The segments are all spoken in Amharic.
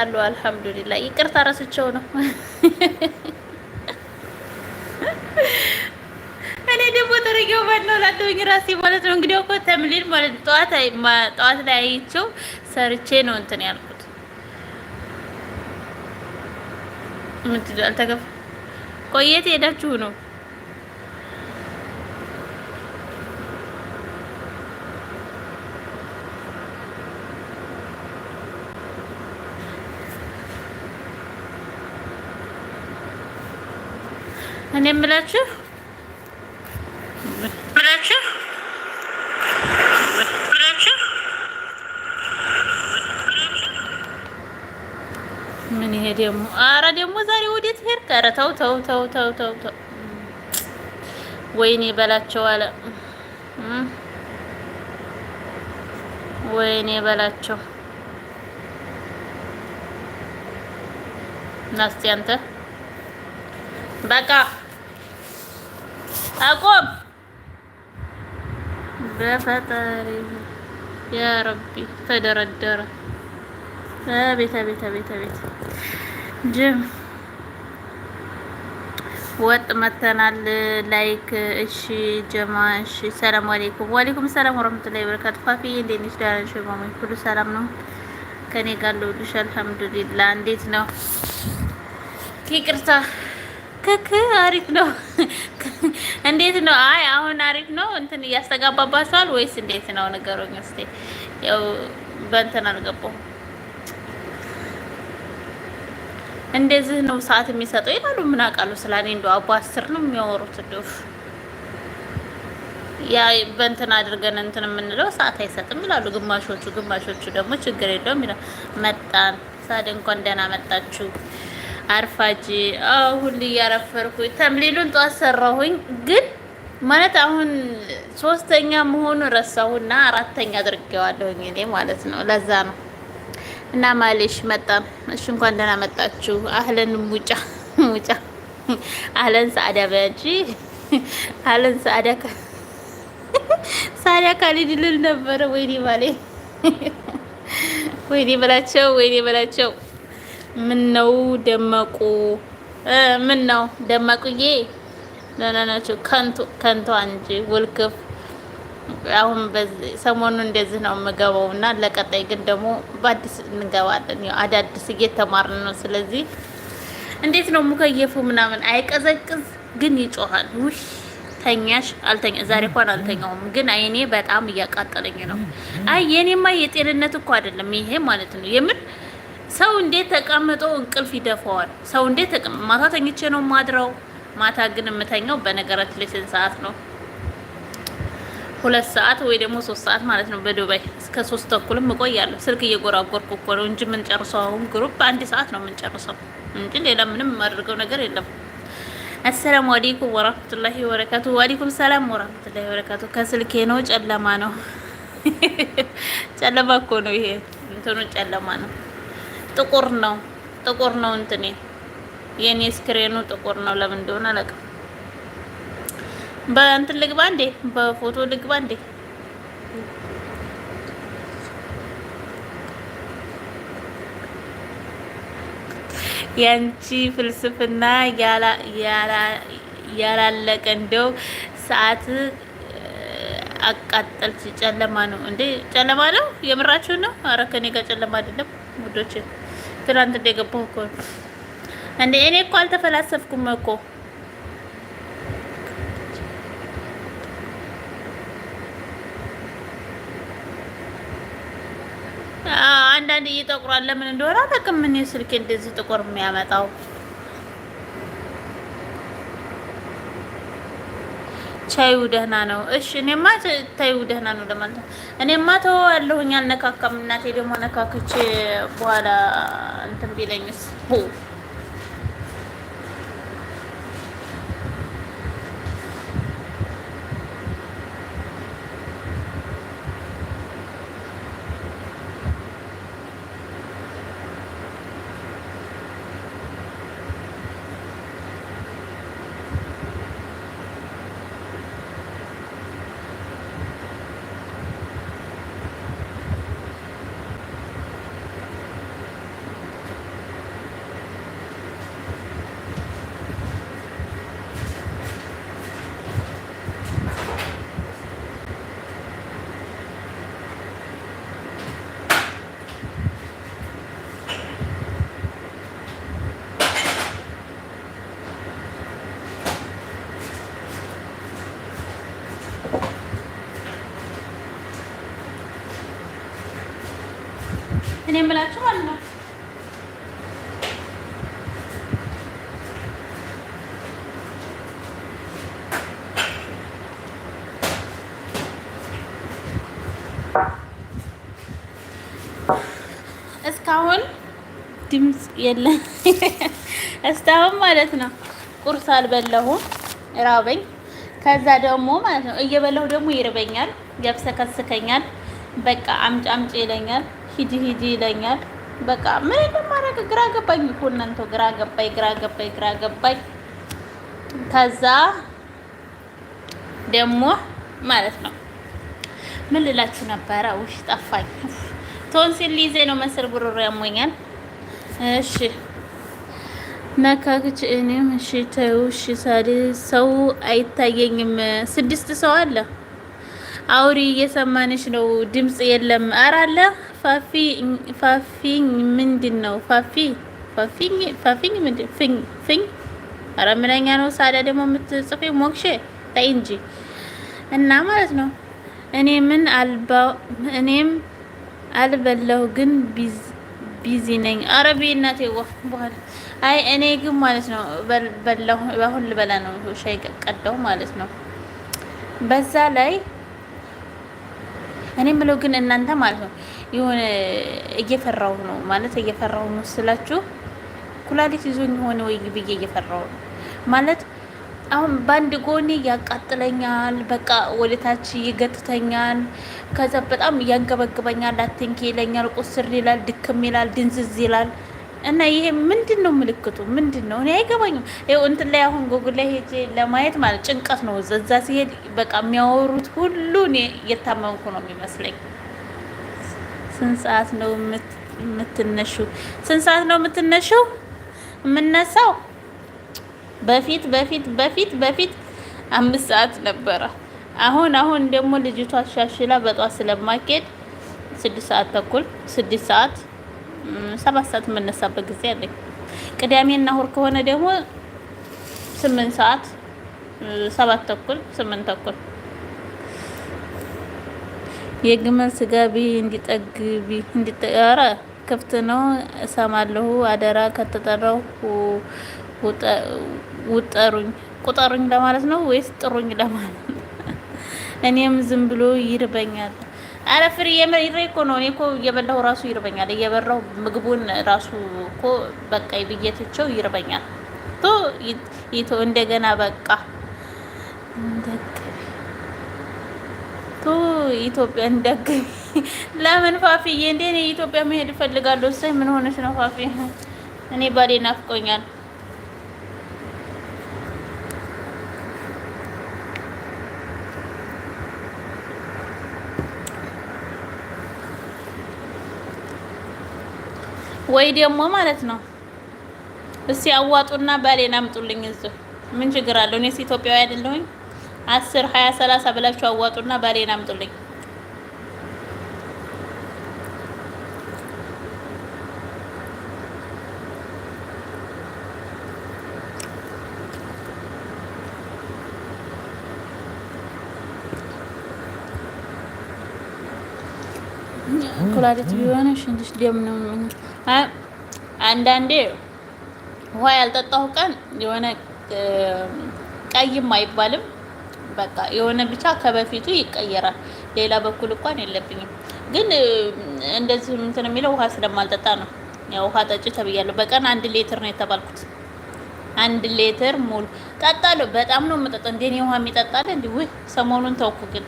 ያለው አልሐምዱሊላ። ይቅርታ ረስቸው ነው። እኔ ደግሞ ተረጊው ባለው ላለውኝ ራሴ ማለት ነው። እንግዲህ እኮ ተምሊል ማለት ጠዋት ጠዋት ላይ አይቼው ሰርቼ ነው እንትን ያልኩት። ምንድን አልተገፋ ቆየት ሄዳችሁ ነው እኔ የምላችሁ ብላችሁ ምን ይሄ ደግሞ አረ ደግሞ ዛሬ ወዴት ሄድ አረ ተው ተው ተው ተው ተው ተው ወይኔ በላቸው አለ ወይኔ በላቸው ናስቲ አንተ በቃ አቆም በፈጠሪ ያ ረቢ ተደረደረ። አቤት አቤት አቤት አቤት ጅም ወጥ መተናል። ላይክ እሺ፣ ጀማ እሺ። ሰላም አለይኩም። ወአለይኩም ሰላም ወራህመቱላሂ ወበረካቱ። ፋፊ እንዴት ነሽ? ደህና ነሽ? ማሞይ ሁሉ ሰላም ነው? ከኔ ጋር ልውልሽ። አልሐምዱሊላህ። እንዴት ነው? ይቅርታ ከክ አሪፍ ነው። እንዴት ነው? አይ አሁን አሪፍ ነው። እንትን እያስተጋባባቸዋል ወይስ እንዴት ነው? ንገሩኝ እስኪ። ያው በእንትን አልገባሁም። እንደዚህ ነው ሰዓት የሚሰጠው ይላሉ። ምን አውቃለሁ ስላኔ እንደው አቦ አስር ነው የሚያወሩት። እንደው ያ በእንትን አድርገን እንትን የምንለው ሰዓት አይሰጥም ይላሉ ግማሾቹ። ግማሾቹ ደግሞ ችግር የለውም ይላል። መጣን ሳድ እንኳን ደህና መጣችሁ አርፋጅ ሁሉ እያረፈርኩኝ ተምሊሉን ጠዋት ሰራሁኝ። ግን ማለት አሁን ሶስተኛ መሆኑን ረሳሁና አራተኛ አድርጌዋለሁኝ እኔ ማለት ነው። ለዛ ነው እና ማሌሽ መጣን። እሺ እንኳን ደህና መጣችሁ። አህለን ሙጫ ሙጫ አህለን ሰአዳ በያጂ አህለን ሰአዳ ሳሪያ ካሊድ ልል ነበረ። ወይኔ ማሌ ወይኔ በላቸው ወይኔ በላቸው ምነው ደመቁ ምን ነው ደመቁዬ? ለነናቸው ከንቱ ከንቱ እንጂ ውልክፍ። አሁን በዚህ ሰሞኑ እንደዚህ ነው የምገባው እና ለቀጣይ ግን ደግሞ በአዲስ እንገባለን። ያው አዳዲስ እየተማርን ነው። ስለዚህ እንዴት ነው ሙከየፉ ምናምን አይቀዘቅዝ ግን ይጮሃል። ውይ ተኛሽ አልተኛ ዛሬ እንኳን አልተኛውም፣ ግን አይኔ በጣም እያቃጠለኝ ነው። አይ የኔማ የጤንነት እኮ አይደለም ይሄ ማለት ነው የምን ሰው እንዴት ተቀምጦ እንቅልፍ ይደፋዋል? ሰው እንዴት ተቀምጦ ማታ ተኝቼ ነው ማድረው። ማታ ግን የምተኛው በነገራችን ላይ ስንት ሰዓት ነው? ሁለት ሰዓት ወይ ደግሞ ሶስት ሰዓት ማለት ነው። በዱባይ እስከ ሶስት ተኩልም እቆያለሁ። ስልክ እየጎራጎርኩ እኮ ነው እንጂ የምንጨርሰው አሁን ግሩፕ አንድ ሰዓት ነው የምንጨርሰው እንጂ ሌላ ምንም የማደርገው ነገር የለም። አሰላሙ አለይኩም ወራህመቱላሂ ወበረካቱ። ወአለይኩም ሰላም ወራህመቱላሂ ወበረካቱ። ከስልኬ ነው ጨለማ ነው። ጨለማ እኮ ነው ይሄ እንትኑ ጨለማ ነው። ጥቁር ነው ጥቁር ነው እንትኔ የኔ ስክሪኑ ጥቁር ነው። ለምን እንደሆነ አላውቅም። በእንትን ልግባ እንዴ? በፎቶ ልግባ እንዴ? ያንቺ ፍልስፍና ያላለቀ እንደው ሰዓት አቃጠልች። ጨለማ ነው እንዴ? ጨለማ ነው የምራችሁ ነው። አረ ከኔ ጋር ጨለማ አይደለም ውዶችን ትላንት እንደገባሁ እኮ እንደ እኔ እኮ አልተፈላሰፍኩም እኮ አንዳንድ እየጠቁራል። ለምን እንደሆነ አላውቅም። እኔ ስልኬ እንደዚህ ጥቁር የሚያመጣው ቻዩ ደህና ነው። እሺ እኔማ ታዩ ደህና ነው ለማለት እኔማ ተው ያለሁኝ አልነካካም። እናቴ ደግሞ ነካክቼ በኋላ እንትን ቢለኝስ እኔ የምላችሁ ማለት ነው እስካሁን ድምፅ የለም። እስካሁን ማለት ነው ቁርስ አልበላሁም፣ ራበኝ። ከዛ ደግሞ ማለት ነው እየበላሁ ደግሞ ይርበኛል፣ ያብሰከስከኛል። በቃ አምጪ አምጪ ይለኛል። ሂጂ ሂጂ ይለኛል። በቃ ምን እንደማደርግ ግራ ገባኝ እኮ እናንተ፣ ግራ ገባኝ፣ ግራ ገባኝ፣ ግራ ገባኝ። ከዛ ደግሞ ማለት ነው ምን ልላችሁ ነበረ? ውሽ ጠፋኝ። ቶንሲል ሊዜ ነው መሰል ጉሮሮ ያሞኛል። እሺ ነካክች እኔም እሺ ተይው። እሺ ሳዲ ሰው አይታየኝም። ስድስት ሰው አለ። አውሪ እየሰማንሽ ነው። ድምጽ የለም። ኧረ አለ ፋፊ ፋፊኝ ምንድን ነው? ፋፊ ፋፊኝ ፋፊኝ ምንድን ፍኝ ፍኝ ኧረ ምንኛ ነው ሳዳ ደግሞ የምትጽፊው ሞክሼ ተይ እንጂ እና ማለት ነው። እኔ ምን አልባ እኔም አልበላሁ ግን ቢዚ ነኝ። ኧረ እናቴ ዋ በኋላ አይ እኔ ግን ማለት ነው በላሁ አሁን ልበላ ነው ሻይ ቀዳሁ ማለት ነው በዛ ላይ እኔ የምለው ግን እናንተ ማለት ነው የሆነ እየፈራው ነው ማለት እየፈራው ነው ስላችሁ ኩላሊት ይዞ የሆነ ወይ ብዬ እየፈራው ነው ማለት አሁን በአንድ ጎኔ ያቃጥለኛል፣ በቃ ወደ ታች ይገትተኛል፣ ከዛ በጣም ያንገበግበኛል፣ አትንኪ ይለኛል፣ ቁስር ይላል፣ ድክም ይላል፣ ድንዝዝ ይላል። እና ይሄ ምንድን ነው ምልክቱ ምንድን ነው? እኔ አይገባኝም። ይኸው እንትን ላይ አሁን ጎጉል ላይ ሄጄ ለማየት ማለት ጭንቀት ነው። እዛ ሲሄድ በቃ የሚያወሩት ሁሉ እኔ እየታመምኩ ነው የሚመስለኝ። ስንት ሰዓት ነው የምትነሹ? ስንት ሰዓት ነው የምትነሹ? የምነሳው በፊት በፊት በፊት በፊት አምስት ሰዓት ነበረ። አሁን አሁን ደግሞ ልጅቷ ሻሽላ በጧት ስለማኬድ ስድስት ሰዓት ተኩል ስድስት ሰዓት ሰባት ሰዓት የምነሳበት ጊዜ አለኝ። ቅዳሜና እሑድ ከሆነ ደግሞ ስምንት ሰዓት ሰባት ተኩል ስምንት ተኩል የግመል ስጋ ቢ እንዲጠግቢ እንዲጠረ ክፍት ነው እሰማለሁ። አደራ ከተጠራው ውጠሩኝ ቁጠሩኝ ለማለት ነው ወይስ ጥሩኝ ለማለት? እኔም ዝም ብሎ ይርበኛል። አረ ፍሪ የምሬ እኮ ነው። እኔ እኮ እየበላሁ ራሱ ይርበኛል። እየበላሁ ምግቡን ራሱ እኮ በቃ ብየትቸው ይርበኛል። ቶ ይቶ እንደገና በቃ ቶ ኢትዮጵያ እንደገ ለምን ፋፊዬ እንዴ? እኔ ኢትዮጵያ መሄድ እፈልጋለሁ። እሰይ ምን ሆነች ነው ፋፊ? እኔ ባሌ ናፍቆኛል። ወይ ደግሞ ማለት ነው እስቲ አዋጡና ባሌን አምጡልኝ። እዚሁ ምን ችግር አለው? እኔስ ኢትዮጵያዊ አይደለሁኝ? አስር ሀያ ሰላሳ ብላችሁ አዋጡና ባሌን አምጡልኝ። ኩላሊት ቢሆን ሽንት ደም ነው አንዳንዴ ውሃ ያልጠጣሁ ቀን የሆነ ቀይም አይባልም በቃ የሆነ ብቻ ከበፊቱ ይቀየራል። ሌላ በኩል እንኳን የለብኝም፣ ግን እንደዚህ እንትን የሚለው ውሃ ስለማልጠጣ ነው። ያው ውሃ ጠጪ ተብያለሁ። በቀን አንድ ሌትር ነው የተባልኩት። አንድ ሌትር ሙሉ ጠጣለሁ። በጣም ነው የምጠጣ። እንዴ ውሃ የሚጠጣለ እንዲ። ውይ ሰሞኑን ተውኩ ግን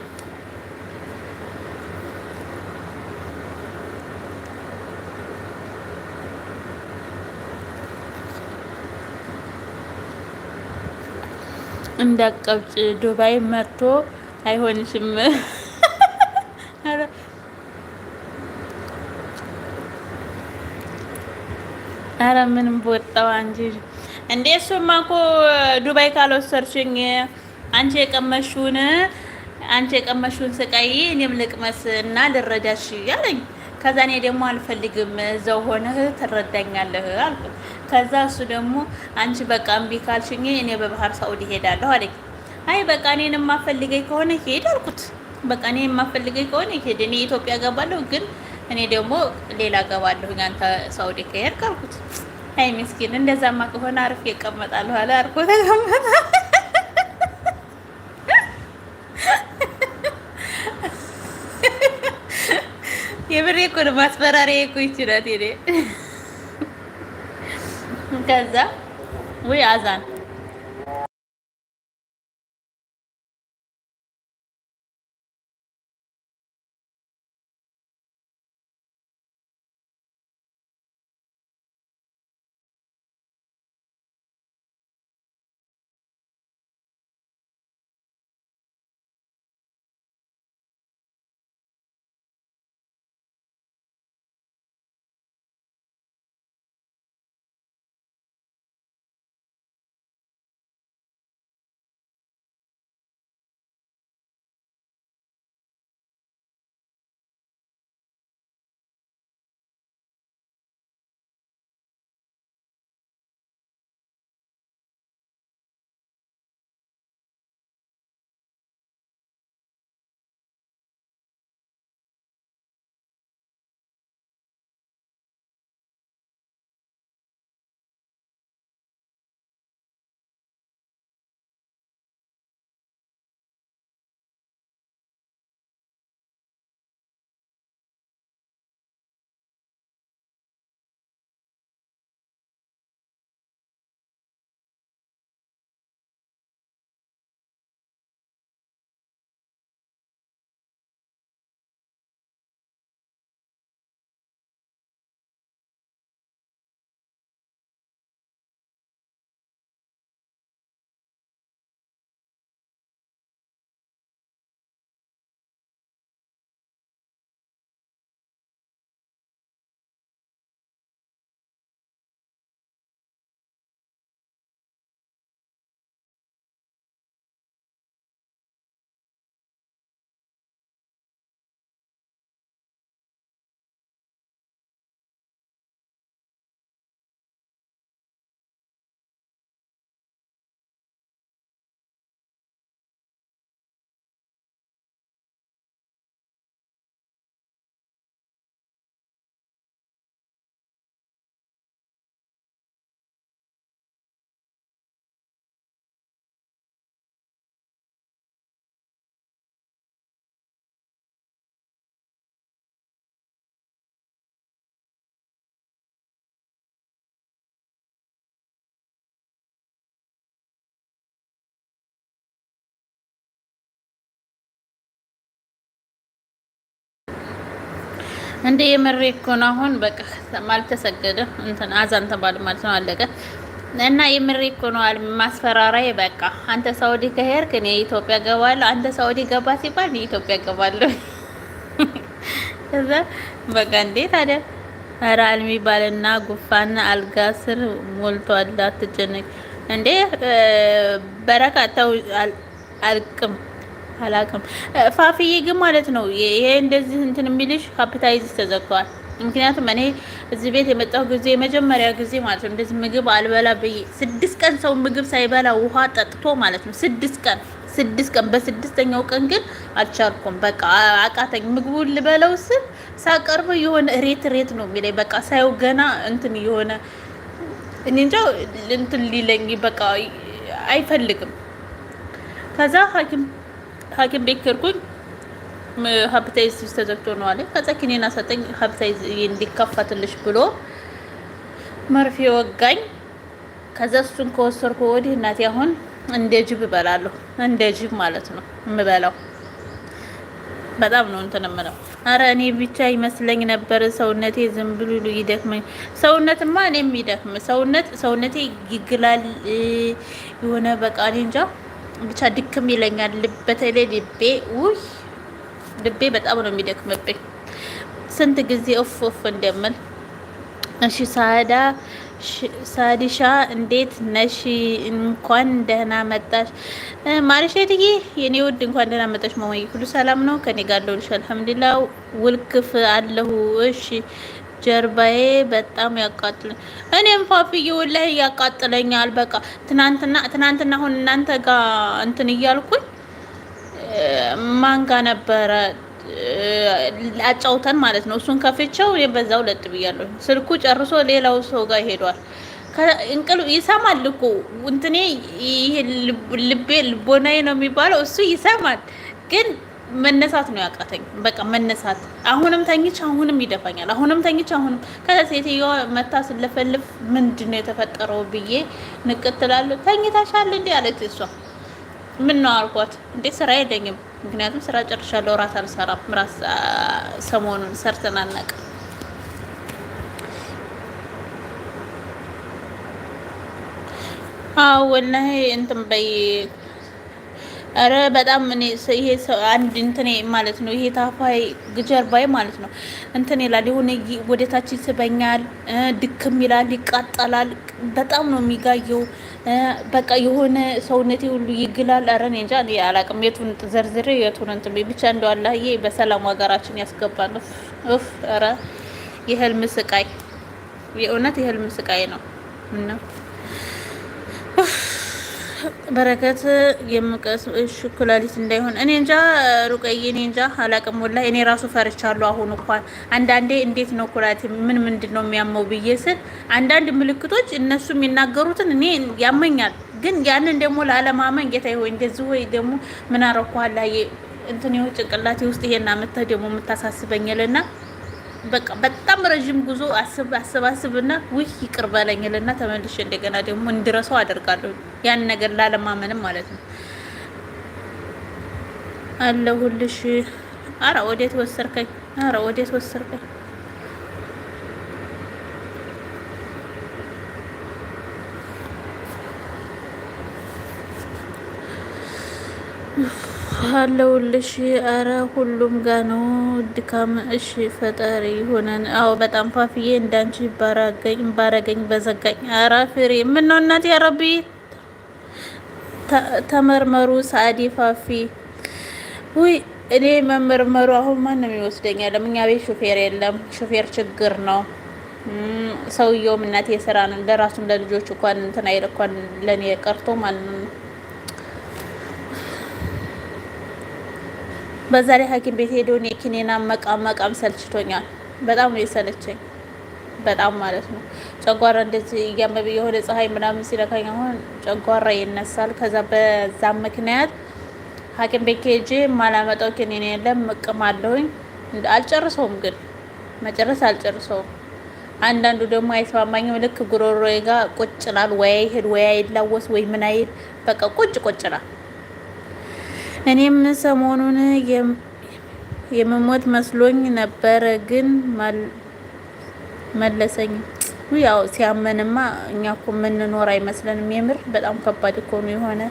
እንዳቀብጭ ዱባይ መጥቶ አይሆንሽም። አረ ምንም በወጣው አንጂ እንዴ እሱማ እኮ ዱባይ ካልወሰድሽኝ አንቺ የቀመሽውን አንቺ የቀመሽውን ስቃይ እኔም ልቅመስ እና ልረዳሽ ያለኝ። ከዛ እኔ ደግሞ አልፈልግም እዛው ሆነህ ትረዳኛለህ አልኩት። ከዛ እሱ ደግሞ አንቺ በቃ እምቢ ካልሽኝ እኔ በባህር ሳውዲ ሄዳለሁ አለኝ። አይ በቃ እኔን የማፈልገኝ ከሆነ ሄድ አልኩት። በቃ እኔ የማፈልገኝ ከሆነ ሄድ፣ እኔ ኢትዮጵያ ገባለሁ፣ ግን እኔ ደግሞ ሌላ ገባለሁ አንተ ሳውዲ ከሄድክ አልኩት። አይ ምስኪን፣ እንደዛማ ከሆነ አርፍ እቀመጣለሁ አለ። አርፎ ተቀመጠ። የብሬ እኮ ነው ማስፈራሪያ እኮ ይችላል ኔ ከዛ ወይ አዛን እንደ የምሬ እኮ ነው። አሁን በቃ ማለት ተሰገደ እንትን አዛን ተባለ ማለት ነው አለቀ። እና የምሬ እኮ ነው። ማስፈራራዬ በቃ አንተ ሳውዲ ከሄድክ እኔ ኢትዮጵያ ገባለሁ፣ አንተ ሳውዲ ገባ ሲባል እኔ ኢትዮጵያ ገባለሁ። ከዛ በቃ እንዴት ታዲያ ኧረ አልሚ ባልና ጉፋና አልጋ ስር ሞልቷል፣ አትጨነቅ እንዴ በረካታው አልቅም አላቅም። ፋፍዬ ግን ማለት ነው ይሄ እንደዚህ እንትን የሚልሽ ካፒታይዝ ተዘግቷል። ምክንያቱም እኔ እዚህ ቤት የመጣው ጊዜ የመጀመሪያ ጊዜ ማለት ነው እንደዚህ ምግብ አልበላ ብዬ ስድስት ቀን ሰው ምግብ ሳይበላ ውሃ ጠጥቶ ማለት ነው ስድስት ቀን ስድስት ቀን በስድስተኛው ቀን ግን አልቻልኩም። በቃ አቃተኝ። ምግቡን ልበለው ስል ሳቀርበ የሆነ ሬት ሬት ነው የሚለኝ። በቃ ሳየው ገና እንትን የሆነ እኔ እንጃ እንትን ሊለኝ በቃ አይፈልግም። ከዛ ሐኪም ሐኪም ቤት ከርኩኝ ሀብታይዝ ተዘግቶ ነው አለ። ከዛ ኪኒን ሰጠኝ። ሀብታይዝ እንዲከፈትልሽ ብሎ መርፌ ወጋኝ። ከዛ እሱን ከወሰድኩ ወዲህ እናቴ አሁን እንደ ጅብ እበላለሁ። እንደ ጅብ ማለት ነው የምበላው። በጣም ነው እንትን የምለው። አረ እኔ ብቻ ይመስለኝ ነበር ሰውነቴ ዝም ብሉ ይደክመኝ። ሰውነትማ እኔም ይደክም ሰውነት ሰውነቴ ይግላል የሆነ በቃ እኔ እንጃ ብቻ ድክም ይለኛል። በተለይ ልቤ ውይ ልቤ በጣም ነው የሚደክምብኝ። ስንት ጊዜ እፍ እፍ እንደምል እሺ ሳዳ ሳዲሻ እንዴት ነሽ? እንኳን ደህና መጣሽ ማለሽትዬ የኔ ውድ እንኳን ደህና መጣሽ። መሞይ ሁሉ ሰላም ነው ከኔ ጋር ለሁልሽ አልሐምዱሊላህ ውልክፍ አለሁ እሺ ጀርባዬ በጣም ያቃጥል። እኔም ፋፍዬ ወላሂ ያቃጥለኛል። በቃ ትናንትና ትናንትና አሁን እናንተ ጋር እንትን እያልኩኝ ማንጋ ነበረ አጫውተን ማለት ነው። እሱን ከፍቼው በዛው ለጥ ብያለሁ። ስልኩ ጨርሶ ሌላው ሰው ጋር ሄዷል። እንቅልፍ ይሰማል እኮ እንትኔ ይሄ ልቤ ልቦናዬ ነው የሚባለው እሱ ይሰማል ግን መነሳት ነው ያቃተኝ። በቃ መነሳት አሁንም ተኝች፣ አሁንም ይደፋኛል፣ አሁንም ተኝች፣ አሁንም ከዛ ሴትዮዋ መታ ስለፈልፍ ምንድን ነው የተፈጠረው ብዬ ንቅትላሉ ተኝታሻል እንዲ አለች እሷ። ምን ነው አልኳት። እንዴ ስራ የለኝም፣ ምክንያቱም ስራ ጨርሻለሁ፣ እራት አልሰራም። ራስ ሰሞኑን ሰርተን አናውቅም። አዎ ወላሂ እንትን በይ ኧረ በጣም እኔ ይሄ አንድ እንትኔ ማለት ነው ይሄ ታፋይ ግጀርባይ ማለት ነው እንትን ይላል የሆነ ወደታች ይስበኛል፣ ድክም ይላል፣ ይቃጠላል። በጣም ነው የሚጋየው። በቃ የሆነ ሰውነቴ ሁሉ ይግላል። ኧረ እኔ እንጃ አላቅም የቱን ዘርዝሬ የቱን እንትን ብቻ እንደው አላህዬ በሰላም ሀገራችን ያስገባ ነው። ፍ ኧረ የህልም ስቃይ የእውነት የህልም ስቃይ ነው እና በረከት የምቀስ ኩላሊት እንዳይሆን እኔ እንጃ ሩቀዬ፣ እኔ እንጃ አላቅም። ወላ እኔ ራሱ ፈርቻለሁ። አሁን እንኳን አንዳንዴ እንዴት ነው ኩላሊት ምን ምንድን ነው የሚያመው ብዬ ስል አንዳንድ ምልክቶች እነሱ የሚናገሩትን እኔ ያመኛል። ግን ያንን ደግሞ ላለማመን ጌታ ሆይ እንደዚህ ወይ ደግሞ ምን አረኳላ እንትን ጭንቅላቴ ውስጥ ይሄና አመተህ ደግሞ የምታሳስበኝልና በቃ በጣም ረዥም ጉዞ አስባስብና ውይ ይቅር በለኝልና ተመልሼ እንደገና ደግሞ እንድረሰው አደርጋለሁ። ያን ነገር ላለማመንም ማለት ነው። አለሁልሽ። አረ ወዴት ወሰርከኝ? አረ ወዴት ወሰርከኝ? አለሁልሽ። ኧረ ሁሉም ጋ ነው ድካም። እሺ ፈጣሪ ሆነን። አዎ በጣም ፋፍዬ እንዳንቺ ባራገኝ ባረገኝ በዘጋኝ። ኧረ ፍሬ ምነው እናቴ፣ ያ ረቢ ተመርመሩ። ሰአዲ ፋፊ ውይ እኔ መመርመሩ አሁን ማንም ይወስደኝ ያለም። እኛ ቤት ሹፌር የለም። ሹፌር ችግር ነው። ሰውየውም እናቴ ስራ ነው። ለራሱም ለልጆች እንኳን እንትን አይል እንኳን ለእኔ ቀርቶ ማለት ነው በዛሬ ሐኪም ቤት ሄዶ እኔ ኪኔና መቃም መቃም ሰልችቶኛል። በጣም ነው የሰለቸኝ፣ በጣም ማለት ነው። ጨጓራ እንደዚህ እያመብ የሆነ ፀሐይ ምናምን ሲለካኝ አሁን ጨጓራ ይነሳል። ከዛ በዛ ምክንያት ሐኪም ቤት ሄጄ ማላመጣው ኪኔን የለም መቅም አለሁኝ። አልጨርሰውም፣ ግን መጨረስ አልጨርሰውም። አንዳንዱ ደግሞ አይስማማኝም። ልክ ጉሮሮዬ ጋር ቁጭ ላል፣ ወይ አይሄድ ወይ አይላወስ ወይ ምን አይል፣ በቃ ቁጭ ቁጭ ላል እኔም ሰሞኑን የምሞት መስሎኝ ነበር፣ ግን መለሰኝ። ያው ሲያመንማ እኛ እኮ የምንኖር አይመስለንም። የምር በጣም ከባድ እኮ ነው የሆነ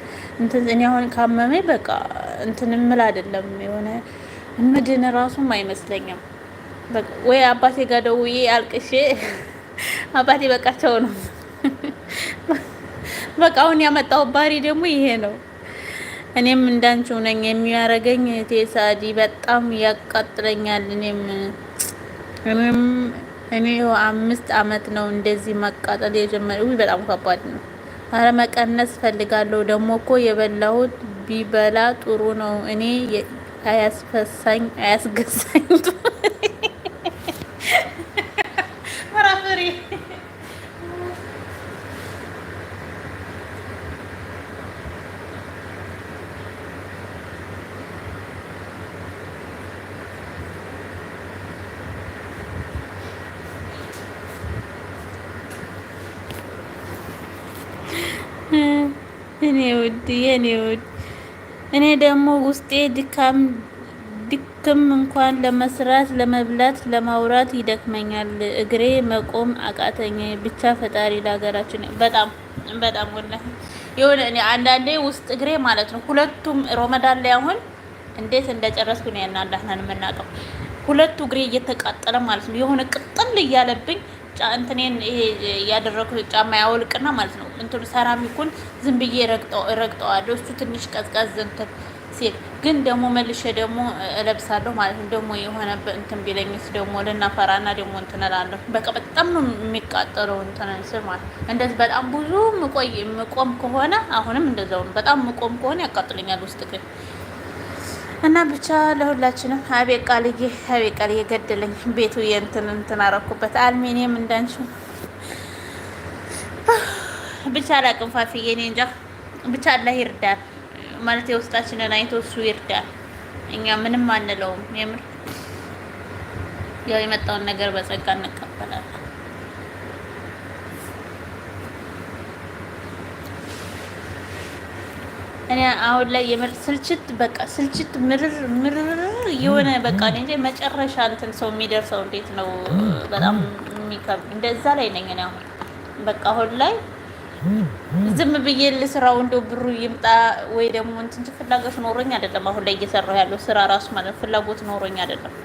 እንትን እኔ አሁን ካመመኝ በቃ እንትን እምል አይደለም የሆነ ምድን ራሱም አይመስለኝም። ወይ አባቴ ጋር ደውዬ አልቅሼ አባቴ በቃቸው ነው በቃ አሁን ያመጣው ባሪ ደግሞ ይሄ ነው። እኔም እንዳንቺው ነኝ የሚያረገኝ እህቴ ሳዲ በጣም ያቃጥለኛል። እኔም እኔም እኔ አምስት አመት ነው እንደዚህ መቃጠል የጀመረ። ውይ በጣም ከባድ ነው። አረ መቀነስ ፈልጋለሁ። ደግሞ እኮ የበላሁት ቢበላ ጥሩ ነው። እኔ አያስፈሳኝ አያስገሳኝ ውድ የኔ ውድ እኔ ደግሞ ውስጤ ድካም ድክም እንኳን ለመስራት ለመብላት ለማውራት ይደክመኛል። እግሬ መቆም አቃተኝ። ብቻ ፈጣሪ ለሀገራችን በጣም በጣም የሆነ እኔ አንዳንዴ ውስጥ እግሬ ማለት ነው ሁለቱም ሮመዳን ላይ አሁን እንዴት እንደጨረስኩ ነው የምናውቀው። ሁለቱ እግሬ እየተቃጠለ ማለት ነው የሆነ ቅጥል እያለብኝ እንትኔን ይሄ ያደረኩት ጫማ ያወልቅና ማለት ነው እንትሉ ሰራሚኩን ዝም ብዬ ረግጠዋለሁ። እሱ ትንሽ ቀዝቀዝ እንትን ሲል ግን ደግሞ መልሼ ደግሞ እለብሳለሁ ማለት ነው። ደግሞ የሆነ እንትን ቢለኝስ ደግሞ ልናፈራና ደግሞ እንትን እላለሁ። በቃ በጣም ነው የሚቃጠለው እንትን ስል ማለት እንደዚህ በጣም ብዙ ምቆይ ምቆም ከሆነ አሁንም እንደዛው ነው። በጣም ምቆም ከሆነ ያቃጥለኛል ውስጥ ግን እና ብቻ ለሁላችንም አቤት ቃልዬ፣ አቤት ቃልዬ ገደለኝ። ቤቱ የእንትን እንትን አረኩበት አልሚኒየም እንዳንቺ ብቻ አላቅም ፋፊዬ፣ እኔ እንጃ ብቻ አላህ ይርዳል ማለት የውስጣችንን አይቶ እሱ ይርዳል። እኛ ምንም አንለውም። የምር ያው የመጣውን ነገር በጸጋ እንቀበላለን። እኔ አሁን ላይ የምር ስልችት በቃ ስልችት ምርር ምርር የሆነ በቃ እንጂ መጨረሻ እንትን ሰው የሚደርሰው እንዴት ነው? በጣም የሚከብድ እንደዛ ላይ ነኝ እኔ አሁን በቃ አሁን ላይ ዝም ብዬ ልስራው እንደው ብሩ ይምጣ ወይ ደግሞ እንትን ፍላጎት ኖሮኝ አይደለም። አሁን ላይ እየሰራው ያለው ስራ ራሱ ማለት ፍላጎት ኖሮኝ አይደለም።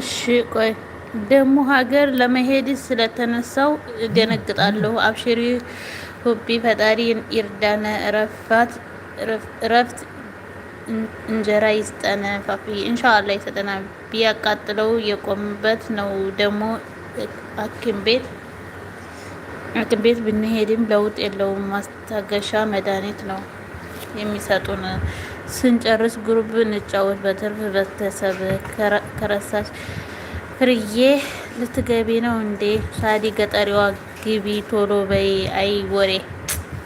እሺ ቆይ ደግሞ ሀገር ለመሄድ ስለተነሳው እደነግጣለሁ። አብሽሪ ሁቢ ፈጣሪ ይርዳነ ረፋት ረፍት እንጀራ ይስጠነ ፋፊ እንሻላ ይሰጠና። ቢያቃጥለው የቆምበት ነው። ደግሞ ሐኪም ቤት ሐኪም ቤት ብንሄድም ለውጥ የለውም። ማስታገሻ መድኃኒት ነው የሚሰጡን። ስንጨርስ ግሩብ እንጫወት። በትርፍ በተሰብ ከረሳሽ ፍርዬ ልትገቢ ነው እንዴ? ሳዲ ገጠሪዋ ግቢ ቶሎ በይ። አይ ወሬ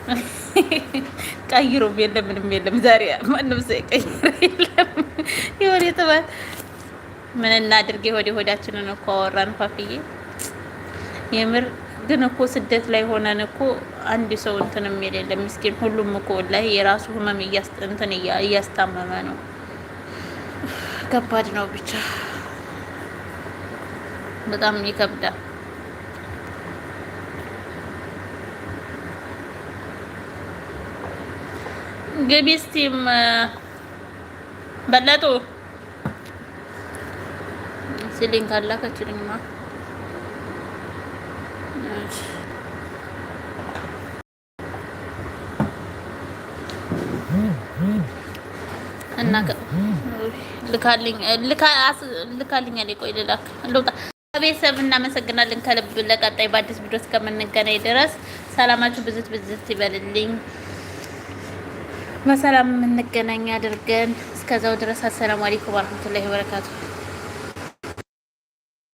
ቀይሮም የለም ምንም የለም። ዛሬ ማንም ሰው የቀይረ የለም። የወሬ ጥባት ምን እናድርግ? የሆዴ ሆዳችንን እኮ አወራን ፋፍዬ የምር ግን እኮ ስደት ላይ ሆነን እኮ አንድ ሰው እንትን የሚል የለም ምስኪን። ሁሉም እኮ ላይ የራሱ ህመም እንትን እያስታመመ ነው። ከባድ ነው ብቻ በጣም ይከብዳል። ግቢ እስቲም በለጡ ሲሊንግ አላከችልኝማ እና ልካልኛል። የቆይ ልላክ ልውጣ። ቤተሰብ እናመሰግናለን ከልብ ለቀጣይ በአዲስ ቪዲዮ እስከምንገናኝ ድረስ ሰላማችሁ ብዝት ብዝት ይበልልኝ። በሰላም የምንገናኝ አድርገን እስከዛው ድረስ አሰላሙ አለይኩም ወራህመቱላሂ ወበረካቱ።